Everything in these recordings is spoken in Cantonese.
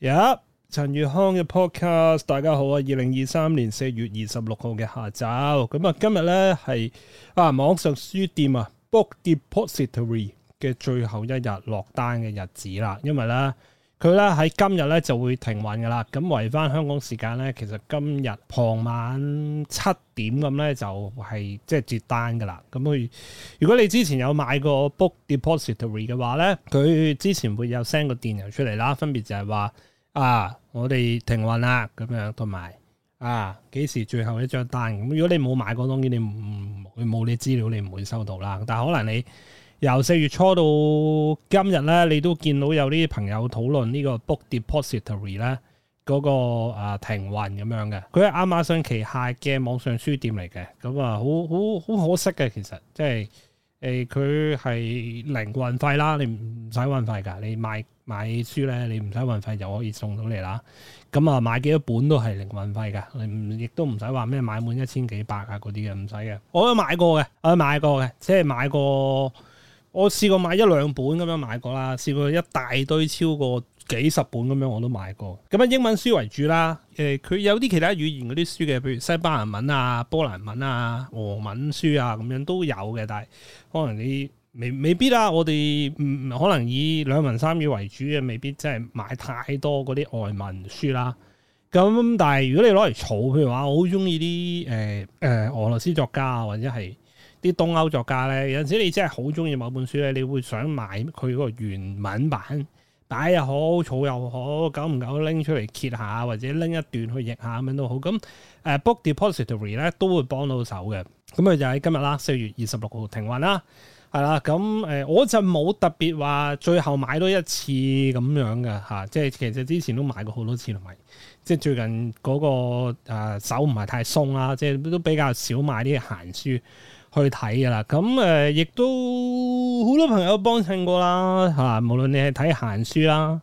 呀陳宇康嘅 podcast，大家好啊！二零二三年四月二十六號嘅下晝，咁啊今日咧係啊網上書店啊 Book Depository 嘅最後一日落單嘅日子啦，因為咧佢咧喺今日咧就會停運噶啦。咁為翻香港時間咧，其實今日傍晚七點咁咧就係即係截單噶啦。咁佢如果你之前有買過 Book Depository 嘅話咧，佢之前會有 send 個電郵出嚟啦，分別就係話。啊！我哋停運啦，咁樣同埋啊，幾時最後一張單？咁如果你冇買過，當然你唔會冇你資料，你唔會收到啦。但係可能你由四月初到今日咧，你都見到有啲朋友討論呢個 Book Depository 咧，嗰個啊停運咁樣嘅。佢係亞馬遜旗下嘅網上書店嚟嘅，咁啊，好好好可惜嘅，其實即係。誒佢係零運費啦，你唔使運費㗎。你買買書咧，你唔使運費就可以送到你啦。咁、嗯、啊，買幾多本都係零運費㗎，你亦都唔使話咩買滿一千幾百啊嗰啲嘅，唔使嘅。我有買過嘅，我有買過嘅，即係買過。我試過買一兩本咁樣買過啦，試過一大堆超過。幾十本咁樣我都買過，咁樣英文書為主啦。誒、呃，佢有啲其他語言嗰啲書嘅，譬如西班牙文啊、波蘭文啊、俄文書啊咁樣都有嘅。但係可能你未未必啦、啊。我哋可能以兩文三語為主嘅，未必真係買太多嗰啲外文書啦。咁但係如果你攞嚟儲，譬如話我好中意啲誒誒俄羅斯作家或者係啲東歐作家咧，有陣時你真係好中意某本書咧，你會想買佢嗰個原文版。擺又好，儲又好，久唔久拎出嚟揭下，或者拎一段去譯下咁樣都好。咁、uh, 誒，Book Depository 咧都會幫到手嘅。咁、嗯、佢就喺今日啦，四月二十六號停運啦。係啦，咁誒、嗯、我就冇特別話最後買多一次咁樣嘅嚇、啊，即係其實之前都買過好多次同埋、那個啊啊，即係最近嗰個手唔係太鬆啦，即係都比較少買啲閒書去睇㗎啦。咁誒亦都好多朋友幫襯過啦嚇、啊，無論你係睇閒書啦，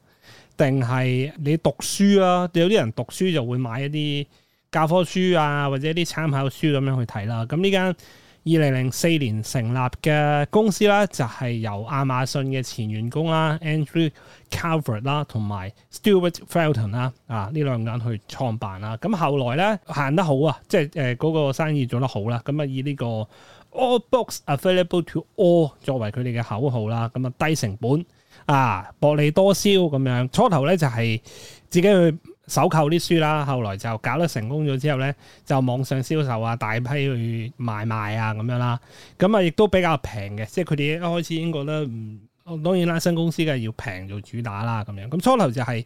定係你讀書啦，有啲人讀書就會買一啲教科書啊，或者啲參考書咁樣去睇啦。咁呢間，嗯二零零四年成立嘅公司啦，就係由亞馬遜嘅前員工啦，Andrew Calvert 啦，同埋 Stewart Felton 啦，啊呢兩間去創辦啦。咁後來咧行得好啊，即係誒嗰個生意做得好啦。咁啊以呢個 All Books Available To All 作為佢哋嘅口號啦。咁啊低成本啊，薄利多銷咁樣。初頭咧就係自己去。手購啲書啦，後來就搞得成功咗之後呢，就網上銷售啊，大批去賣賣啊咁樣啦。咁啊，亦都比較平嘅，即係佢哋一開始已經覺得，唔、嗯、當然啦，新公司梗係要平做主打啦咁樣。咁初頭就係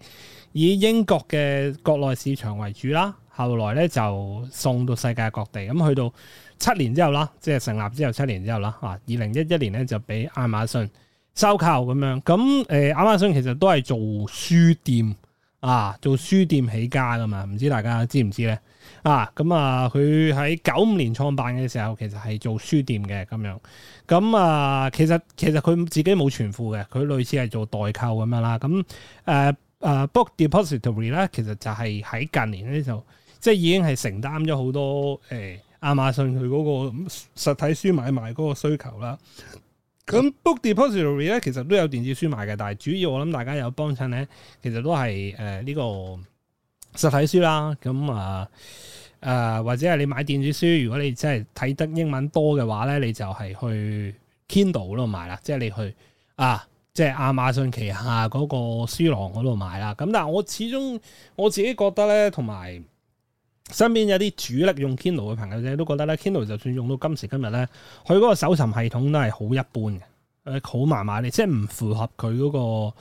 以英國嘅國內市場為主啦，後來呢就送到世界各地。咁去到七年之後啦，即係成立之後七年之後啦，啊，二零一一年呢，就俾亞馬遜收購咁樣。咁誒、呃，亞馬遜其實都係做書店。啊，做書店起家噶嘛，唔知大家知唔知咧？啊，咁、嗯、啊，佢喺九五年創辦嘅時候，其實係做書店嘅咁樣。咁、嗯、啊，其實其實佢自己冇存庫嘅，佢類似係做代購咁樣啦。咁、啊啊、Book Depository 咧，其實就係喺近年咧就即係已經係承擔咗好多誒、欸、亞馬遜佢嗰個實體書買賣嗰個需求啦。咁 Book Depository 咧，其實都有電子書賣嘅，但係主要我諗大家有幫襯咧，其實都係誒呢個實體書啦。咁啊誒，或者係你買電子書，如果你真係睇得英文多嘅話咧，你就係去 Kindle 嗰度買啦，即係你去啊，即係亞馬遜旗下嗰個書廊嗰度買啦。咁但係我始終我自己覺得咧，同埋，身邊有啲主力用 Kindle 嘅朋友咧，都覺得咧 Kindle 就算用到今時今日咧，佢嗰個搜尋系統都係好一般嘅，誒好麻麻地，即係唔符合佢嗰個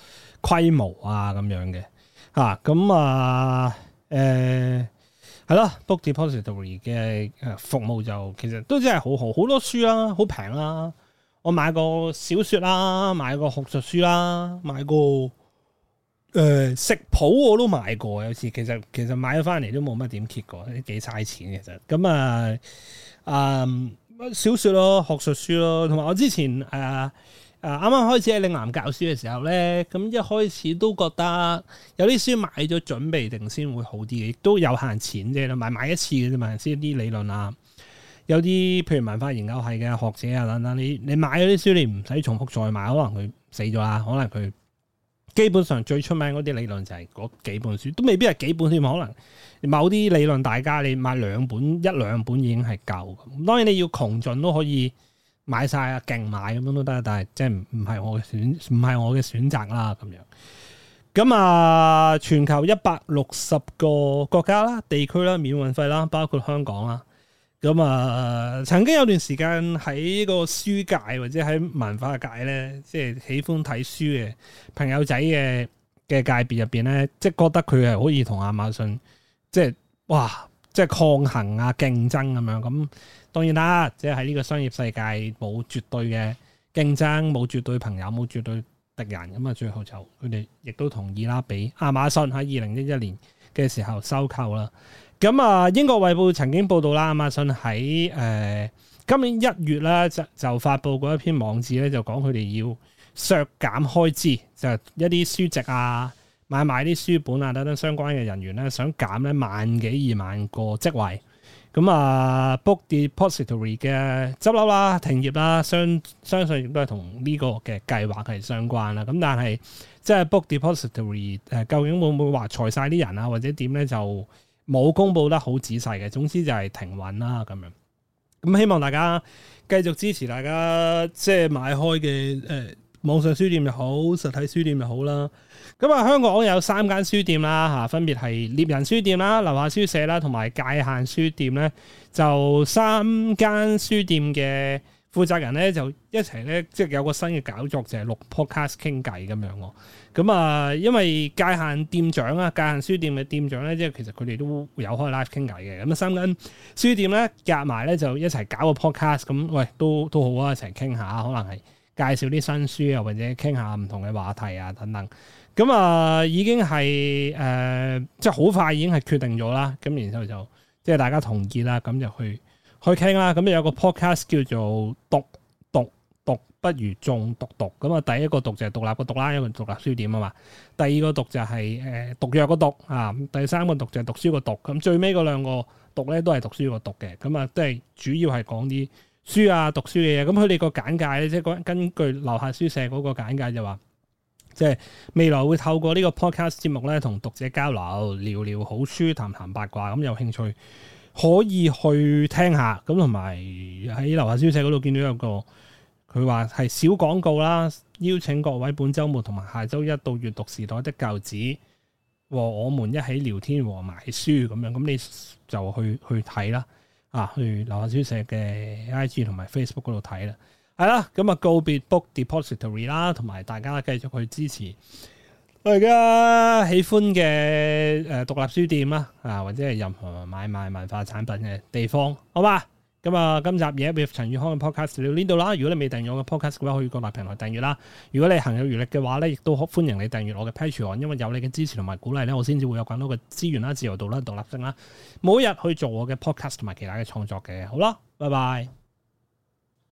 規模啊咁樣嘅嚇。咁啊誒係咯，Book Depository 嘅誒服務就其實都真係好好，好多書啦、啊，好平啦。我買過小説啦、啊，買過學術書啦、啊，買過。誒、呃，食譜我都買過，有時其實其實買咗翻嚟都冇乜點揭過，幾嘥錢其實。咁、嗯、啊，嗯，小說咯，學術書咯，同埋我之前誒誒啱啱開始喺嶺南教書嘅時候咧，咁一開始都覺得有啲書買咗準備定先會好啲，亦都有限錢啫啦，買買一次嘅啫嘛，先啲理論啊，有啲譬如文化研究係嘅學者啊等等，你你買啲書你唔使重複再買，可能佢死咗啦，可能佢。基本上最出名嗰啲理論就係嗰幾本書，都未必係幾本書，可能某啲理論大家你買兩本一兩本已經係夠。咁當然你要窮盡都可以買晒，啊，勁買咁樣都得，但係即係唔係我嘅選唔係我嘅選擇啦咁樣。咁啊，全球一百六十個國家啦、地區啦、免運費啦，包括香港啦。咁啊、嗯，曾經有段時間喺個書界或者喺文化界咧，即係喜歡睇書嘅朋友仔嘅嘅界別入邊咧，即係覺得佢係可以同亞馬遜即係哇，即係抗衡啊競爭咁樣。咁當然啦，即係喺呢個商業世界冇絕對嘅競爭，冇絕對朋友，冇絕對敵人。咁啊，最後就佢哋亦都同意啦，俾亞馬遜喺二零一一年嘅時候收購啦。咁啊，英國《衛報》曾經報道啦，啊、嗯，亞馬遜喺誒今年一月咧就就發布過一篇網誌咧，就講佢哋要削減開支，就係、一啲書籍啊、買賣啲書本啊等等相關嘅人員咧，想減咧萬幾二萬個職位。咁啊，Book Depository 嘅執笠啦、啊、停業啦、啊，相相信亦都係同呢個嘅計劃係相關啦。咁但係即係 Book Depository 誒、啊，究竟會唔會話裁晒啲人啊，或者點咧就？冇公布得好仔細嘅，總之就係停運啦咁樣。咁希望大家繼續支持大家即係買開嘅誒、呃，網上書店又好，實體書店又好啦。咁、嗯、啊，香港有三間書店啦，嚇、啊、分別係獵人書店啦、留下書舍啦，同埋界限書店咧，就三間書店嘅。負責人咧就一齊咧，即、就、係、是、有個新嘅搞作，就係、是、錄 podcast 傾偈咁樣喎。咁、嗯、啊，因為界限店長啊，界限書店嘅店長咧，即係其實佢哋都有開 live 傾偈嘅。咁啊，三間書店咧夾埋咧就一齊搞個 podcast、嗯。咁喂，都都好啊，一齊傾下，可能係介紹啲新書啊，或者傾下唔同嘅話題啊等等。咁、嗯、啊、嗯，已經係誒，即係好快已經係決定咗啦。咁然後就即係、就是、大家同意啦，咁就去。去傾啦，咁有個 podcast 叫做讀讀讀,讀不如眾讀讀，咁啊，第一個讀就係獨立個讀啦，因為獨立書店啊嘛。第二個讀就係、是、誒毒藥個讀啊，第三個讀就係讀書個讀。咁最尾嗰兩個讀咧都係讀書個讀嘅，咁啊即係主要係講啲書啊、讀書嘅嘢。咁佢哋個簡介咧，即係根據樓下書社嗰個簡介就話，即、就、係、是、未來會透過呢個 podcast 節目咧，同讀者交流聊聊好書、談談八卦，咁有興趣。可以去聽下，咁同埋喺樓下書社嗰度見到一個，佢話係小廣告啦，邀請各位本週末同埋下週一到《閲讀時代》的舊址和我們一起聊天和買書咁樣，咁你就去去睇啦，啊，去樓下書社嘅 IG 同埋 Facebook 嗰度睇啦，係啦，咁啊告別 Book Depository 啦，同埋大家繼續去支持。我而家喜歡嘅誒獨立書店啦，啊或者係任何買賣文化產品嘅地方，好吧？咁啊，今集嘢俾陳宇康嘅 podcast 到呢度啦。如果你未訂閱我嘅 podcast 嘅話，可以喺各大平台訂閱啦。如果你行有餘力嘅話咧，亦都歡迎你訂閱我嘅 Patreon，因為有你嘅支持同埋鼓勵咧，我先至會有更多嘅資源啦、自由度啦、獨立性啦，每日去做我嘅 podcast 同埋其他嘅創作嘅。好啦，拜拜。